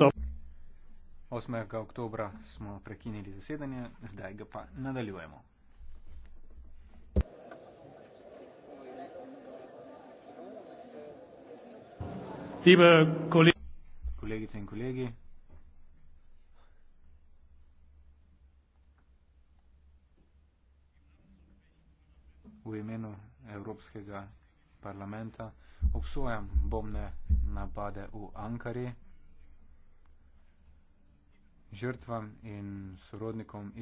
stop. 8. oktobra smo prekinili zasedanje, zdaj ga pa nadaljujemo. Tiba, kole Kolegice in kolegi. V imenu Evropskega parlamenta obsojam bombne napade v Ankari žrtvam in sorodnikom iz.